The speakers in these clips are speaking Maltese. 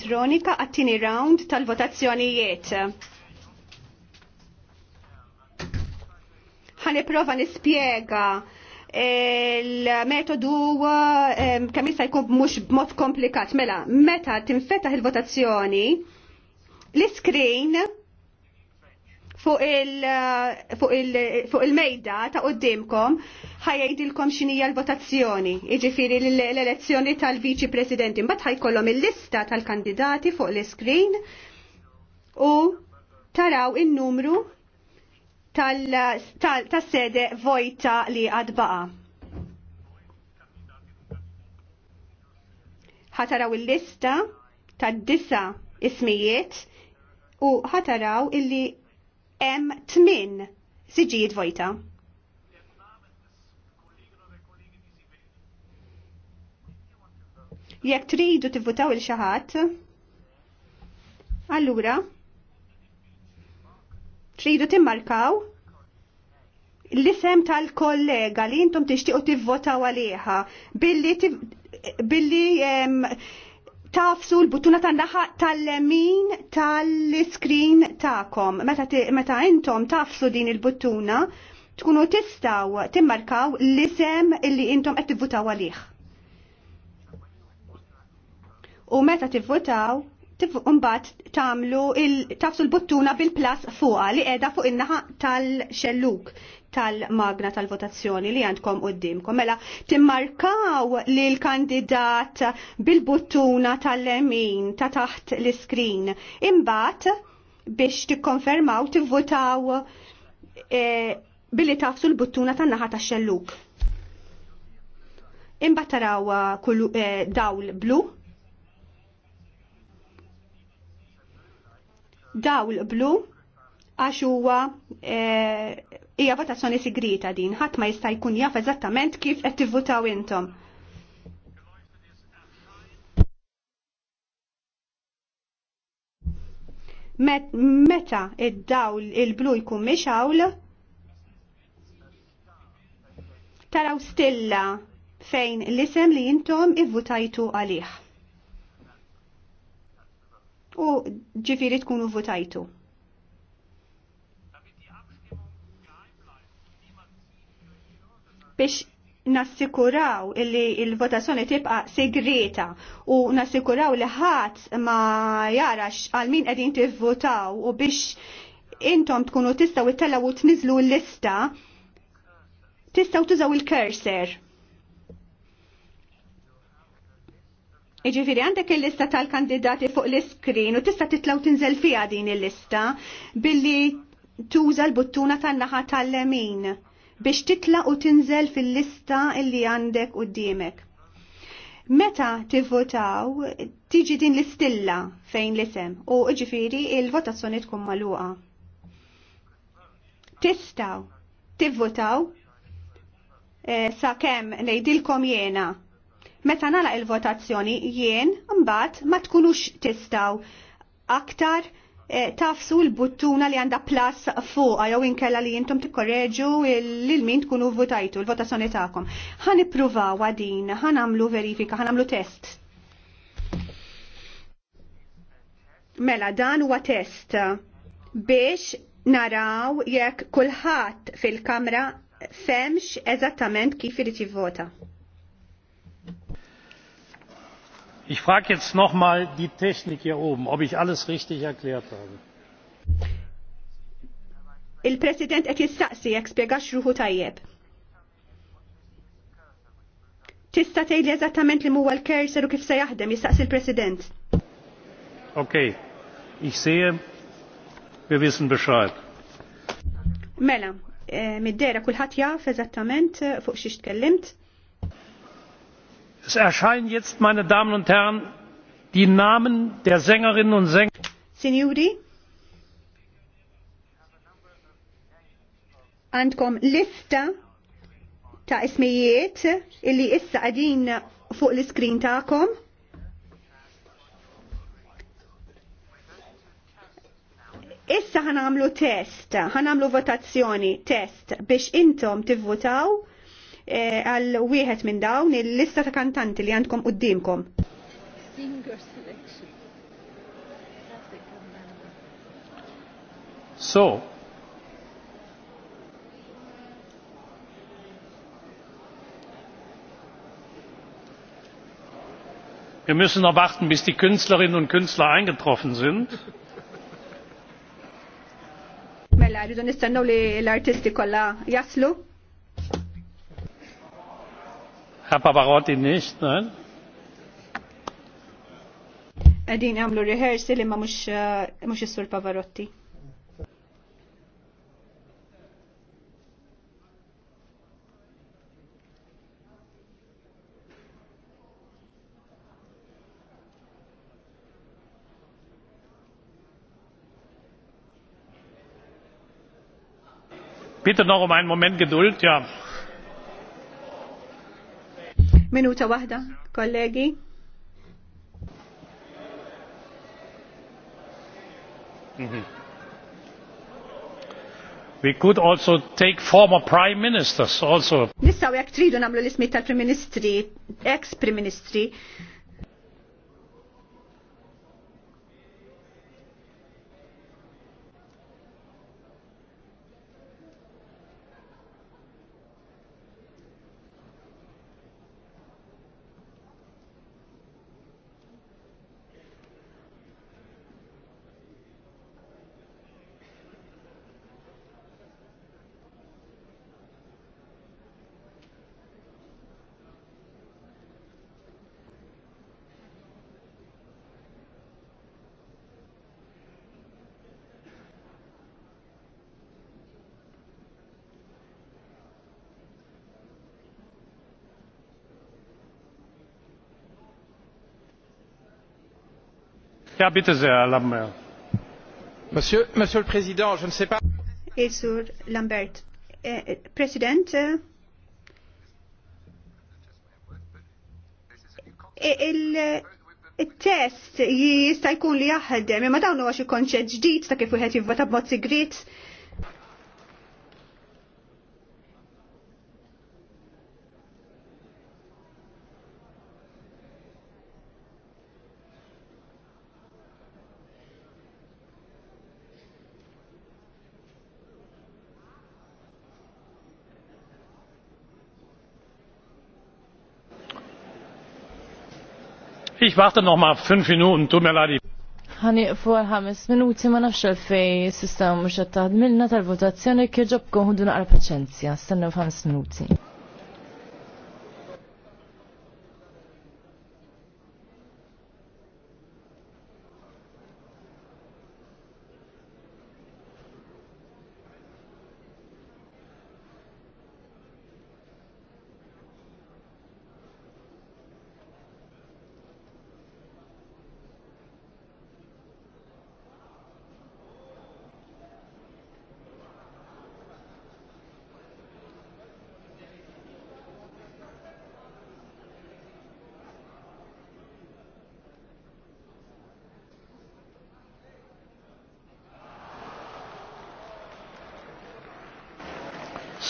elettronika għattini round tal-votazzjonijiet. prova nispjega il-metodu kemm jista' jkun mhux mod komplikat. Mela, meta tinfetaħ il-votazzjoni, l screen Eh, fuq il-mejda ta' qoddimkom ħajajdilkom xinija l-votazzjoni, iġifiri l-elezzjoni tal-Viċi Presidenti. Mbagħad ħajkollom il-lista tal-kandidati fuq l screen u taraw in-numru tal sede vojta li għadbaqa. ħataraw il-lista tad-disa ismijiet u ħataraw illi hemm tmin siġijiet vojta. Jekk tridu tivvutaw il xaħat allura tridu timmarkaw l-isem tal-kollega li intom tixtiequ tivvotaw għaliħa billi billi tafsu l-buttuna tan-naħa tal-lemin tal-screen ta'kom. Meta, meta intom tafsu din il-buttuna, tkunu tistaw timmarkaw l-isem illi intom qed tivvutaw għalih. U meta t-votaw, Umbat tamlu tafsu l-buttuna bil-plas fuqa li edha fuq in-naħa tal-xelluk tal-magna tal-votazzjoni li għandkom qoddimkom. Mela, timmarkaw li l-kandidat bil-buttuna tal-lemin ta' taħt l screen Imbat, biex tikkonfermaw tivvotaw e, billi tafsu l-buttuna tan-naħa tax-xelluk. Imbat taraw e, dawl blu dawl blu għax huwa e, hija votazzjoni sigrita din, ħadd ma jista' jkun jaf eżattament kif qed tivvutaw intom. meta id-dawl il-blu jkun miexawl, taraw stilla fejn l-isem li jintom ivvutajtu għalih u ġifiri tkunu votajtu. Biex nassikuraw li il-votazzjoni tibqa segreta u nassikuraw li ħadd ma jarax għal min qegħdin tivvotaw u biex intom tkunu tistgħu ittellaw u tniżlu l-lista tistgħu tużaw il-cursor. Iġifiri, għandek il-lista tal-kandidati fuq l-iskrin u tista titlaw tinżel fija din il-lista billi tuża l-buttuna tan-naħa tal-lemin biex titla u tinżel fil-lista illi għandek u d-diemek. Meta tivvotaw, tiġi din l-istilla fejn l-isem u iġifiri il-votazzjoni tkun maluqa. Tistaw, tivvotaw, e, eh, sa' kem nejdilkom jena Meta nara il-votazzjoni jien mbagħad ma tkunux tistaw aktar eh, tafsu l-buttuna li għanda plus fuqa jew inkella li jintom tikkorreġu lil min tkunu votajtu l-votazzjoni tagħkom. Ħan ippruvaw għadin, ħan għamlu verifika, ħan għamlu test. Mela dan huwa test biex naraw jekk kulħadd fil-kamra femx eżattament kif irid jivvota. Ich frage jetzt noch einmal die Technik hier oben, ob ich alles richtig erklärt habe. Il-President qed jistaqsi jekk spjegax ruħu tajjeb. Tista' tgħidli eżattament li huwa l-cursor u kif se jaħdem jistaqsi l president Ok, Ich sehe, wir wissen Bescheid. Mela, eh, mid-dera kulħadd jaf eżattament eh, fuq xi tkellimt es erscheinen jetzt meine damen und herren die namen der sängerinnen und sänger Signori, għandkom lista ta' ismijiet illi issa għadin fuq l-iskrin ta'kom. Issa ħanamlu test, ħanamlu votazzjoni, test biex intom tivvutaw Eh, għal wieħed minn dawn il-lista ta' kantanti li għandkom qudiemkom. So, Wir müssen noch warten, bis die Künstlerinnen und Künstler eingetroffen sind. Mela, rridu nistennew li l-artisti kollha jaslu. Herr Pavarotti nicht, nein? Għadin għamlu rehearsal ma mux eh, is-sur Pavarotti. Bitte noch um einen Moment Geduld, ja. Minuta waħda, kollegi. Mhm. We could also take former prime ministers also. Nistaw jekk tridu nagħmlu l-ismi tal-Prim Ministri, ex-Prim Ministri, Monsieur, le Président, je ne sais pas. Isur Lambert. Eh, eh, President, eh, eh il-test eh, jista' jkun li jahdem, imma dawnu huwa xi konċett ġdid ta' kif wieħed b b'mod sigrit Ich warte noch mal fünf Minuten, tut mir leid. Ħani fuq ħames minuti ma nafx fej s-sistema mhux qed taħdmilna tal-votazzjoni kieġobkom ħudu naqra paċenzja, stennew ħames minuti.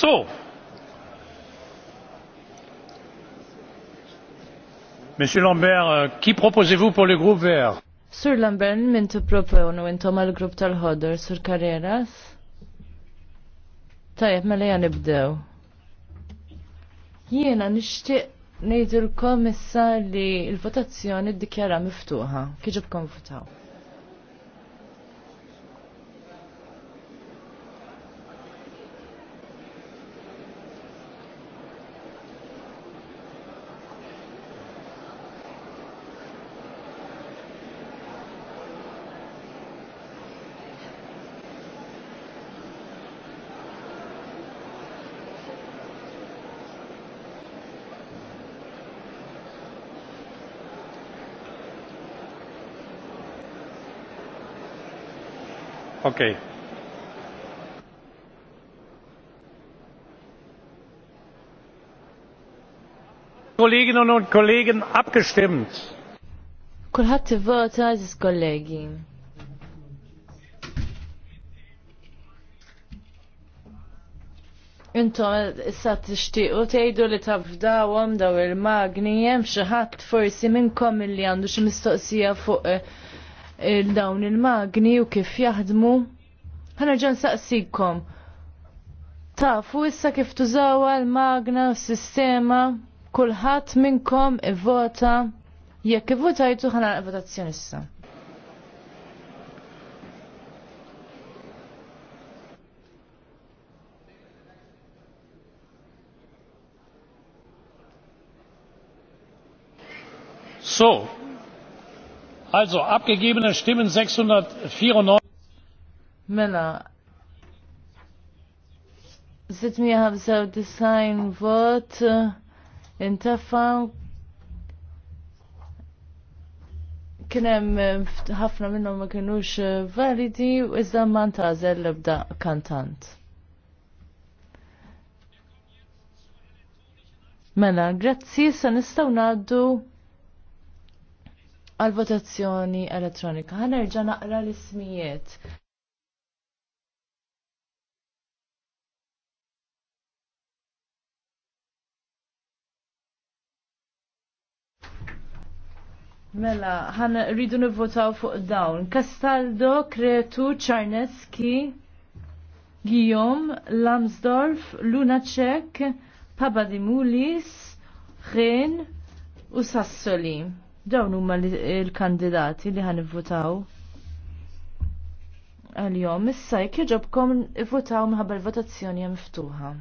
So, Monsieur Lambert, euh, qui proposez-vous pour le groupe vert Sur Lambert, min tu proponu intom għal grupp tal-ħodor sur Carreras? Tajab, mela jan nibdew. Jiena nixtieq l issa li l-votazzjoni ddikjara miftuħa. Kieġib konfutaw. Okay. Kolleginnen und Kollegen abgestimmt. Kulħadd ivvota eżis kollegi. Intom issa tixtiequ tgħidu li tafdawhom daw il-magni hemm xi ħadd forsi minnkom li għandu xi mistoqsija fuq eh, il-dawn il-magni u kif jaħdmu. ġan saqsikom. Tafu issa kif tużawa l-magna s-sistema kulħadd minnkom i-vota jekk ivvotajtu ħana votazzjoni issa. So, Also abgegebene Stimmen 694. Mela. 695 vot uh, intafaw kienem uh, ħafna minnhom ma kienux uh, validi u iżda mantażel l-ebda kantant. Mela, grazzi, sa nistaw naddu għal-votazzjoni elettronika. Għanerġa naqra l-ismijiet. Mela, ħan rridu nivvotaw fuq dawn. Castaldo, Kretu, Czarneski, Guillaume, Lamsdorf, Lunacek, Pabadimulis, Ren u Sassoli. Dawn huma l-kandidati li votaw għal-jom. Issa jekk jġobkom votaw minħabba l-votazzjoni miftuħa.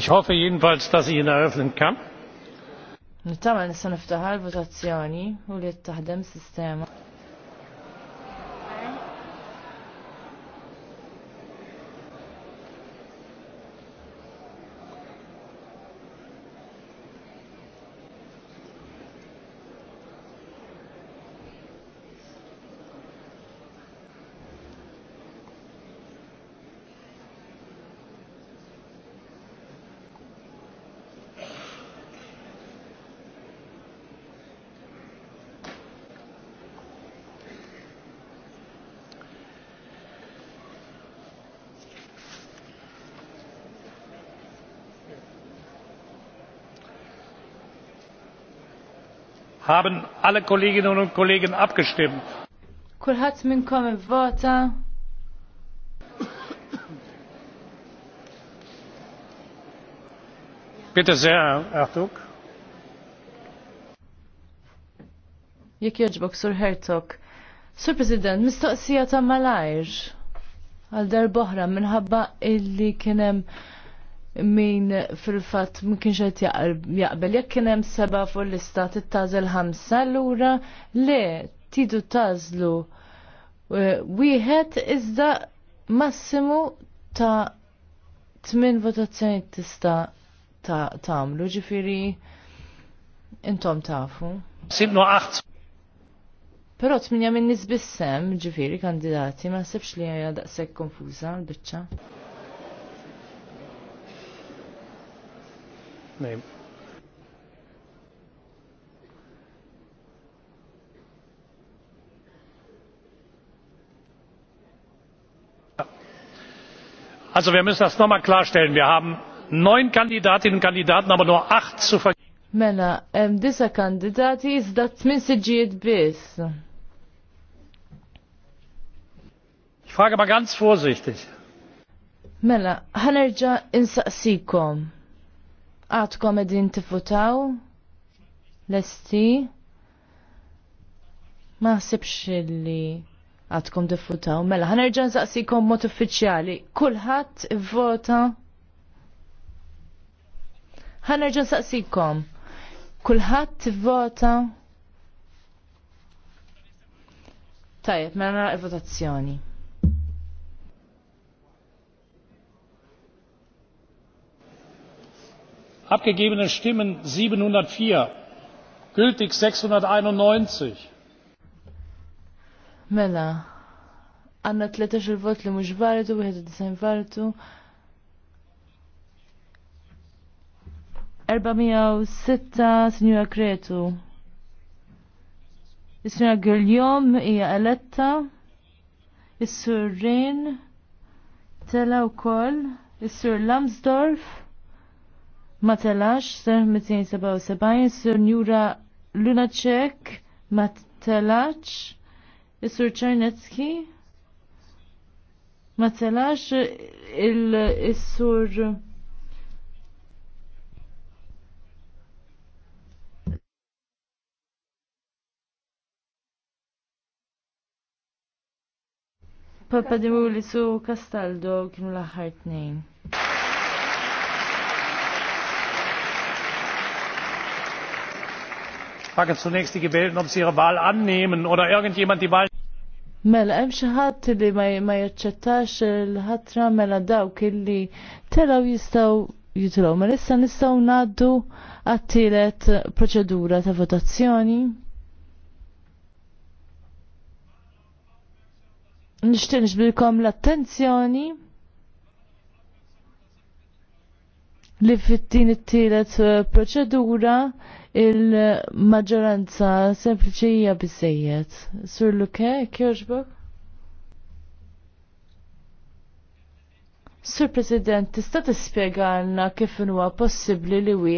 Ich hoffe jedenfalls, dass ich ihn eröffnen kann. Nittamen nista niftaħar votazzjoni u li taħdem sistema. haben alle Kolleginnen und Kollegen abgestimmt. Kul hat min kom vota. Bitte sehr, Ertug. Jek jogħġbok, Sur Herzog. Sur President, mistoqsija ta' malajr għal darboħra minħabba illi kienem min fil-fat ma kienx qed jaqbel jekk kien hemm seba' fuq l-lista tittażel ħamsa allura le tidu tażlu e, wieħed iżda massimu ta' tmin votazzjoni tista' tagħmlu ġifieri intom tafu. Sibnu aħt. Però tminja minn nisbissem ġifieri kandidati ma sebx li hija daqshekk konfuża l biċċa name. Also wir müssen das nochmal klarstellen. Wir haben neun Kandidatinnen und Kandidaten, aber nur acht zu vergeben. Mela, hemm disa kandidati iżda tmien siġijiet bis. Ich frage mal ganz vorsichtig. Mela, ħanerġa' insaqsikom għadkom edin tifutaw l-esti ma ħsibx li għadkom tifutaw mela ħanerġan saqsikom mod uffiċjali kulħadd vota ħanerġan saqsikom kulħadd vota tajt mela il votazzjoni. abgegebene stimmen siebenhundertvier gültig sechshunderteinundneunzig mela għanna 13 vot li mhux validu, wieħed design validu. 406 Sinjura Kretu. Is-Sinjura Giljom hija eletta. is sur Rin, tela wkoll. Is-Sur Lamsdorf ma telax, ser 277, Sir Njura Lunacek, ma telax, Czarnecki, ma telax, il-sur... Papa Dimuli su Castaldo kim l-aħħar tnejn. frage zunächst die gewählten ob sie ihre wahl annehmen oder irgendjemand die wahl Mela, hemm xi ħadd li ma jaċċettax il-ħatra mela dawk illi telaw jistgħu jitilgħu. Ma mela issa nistgħu ngħaddu għat-tielet proċedura ta' votazzjoni. Nixtieq nixbilkom l-attenzjoni. li fit-tin it-tielet uh, proċedura il-maġġoranza hija biżejjed. Sur Luke, kjoġbok? Sur President, tista' tispjegalna kif huwa possibbli li